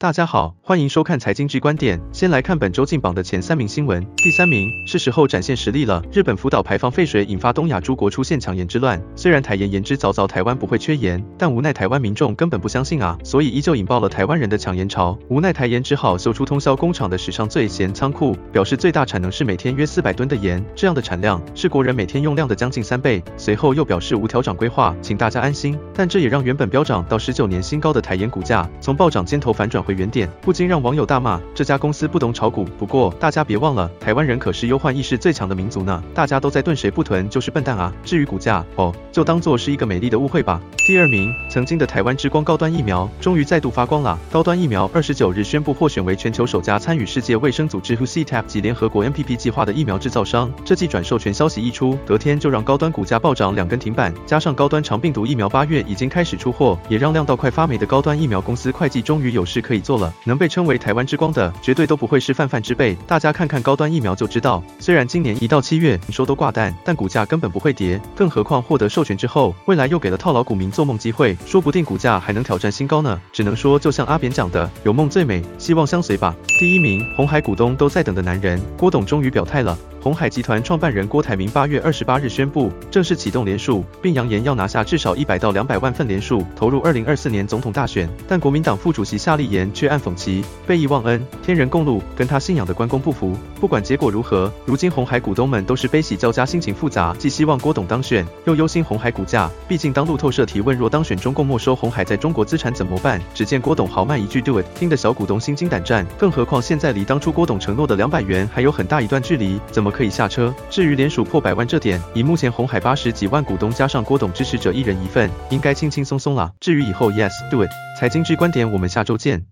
大家好，歡迎收看財經 G 觀點。先來看本周進榜的前三名新聞。第三名是時候展現實力了。日本福島排放廢水，引發東亞諸國出現搶鹽之亂。雖然台鹽言之鑿鑿，台灣不會缺鹽，但無奈台灣民眾根本不相信啊，所以依舊引爆了台灣人的搶鹽潮。無奈台鹽只好秀出通霄工廠的史上最鹹倉庫，表示最大產能是每天約四百噸的鹽，這樣的產量是國人每天用量的將近三倍。隨後又表示無調漲規劃，請大家安心。但這也讓原本飆漲到十九年新高的台鹽股價，從暴漲尖頭反轉。回原點，不禁讓網友大罵這家公司不懂炒股。不過大家別忘了，台灣人可是憂患意識最強的民族呢。大家都在囤，誰不囤就是笨蛋啊。至於股價，哦，就當做是一個美麗的誤會吧。第二名，曾經的台灣之光高端疫苗終於再度发光了。高端疫苗二十九日宣布获選為全球首家參與世界衛生組織 （WHO C-TAP） 及聯合國 MPP 計劃的疫苗制造商。技轉授權消息一出，隔天就讓高端股價暴漲兩根停板。加上高端腸病毒疫苗八月已經開始出貨，也讓量到快发霉的高端疫苗公司會計終於有事可以。做了。能被稱為台灣之光的，絕對都不會是泛泛之輩。大家看看高端疫苗就知道，雖然今年一到七月你說都掛蛋，但股價根本不會跌。更何況獲得授權之後，未來又給了套牢股民做夢機會，說不定股價還能挑戰新高呢。只能說，就像阿扁講的，有夢最美，希望相隨吧。第一名，鴻海股東都在等的男人郭董終於表態了。鴻海集團創辦人郭台銘八月二十八日宣布正式啟動聯署，並揚言要拿下至少一百到兩百萬份聯署，投入二零二四年總統大選。但國民黨副主席夏立言卻暗諷其背義忘恩，天人共怒，跟他信仰的關公不符。不管結果如何，如今鴻海股東們都是悲喜交加，心情複雜，既希望郭董當選，又憂心鴻海股價。畢竟當路透社提問若當選，中共沒收鴻海在中國資產怎麼辦，只見郭董豪邁一句 do it，聽得小股東心驚膽戰。更何況現在離當初郭董承諾的兩百元還有很大一段距離，怎麼可以下車？至於聯署破百萬這點，以目前鴻海八十幾萬股東加上郭董支持者一人一份，應該輕輕鬆鬆了。至於以後，Yes Do It。財經 G 觀點，我們下周見。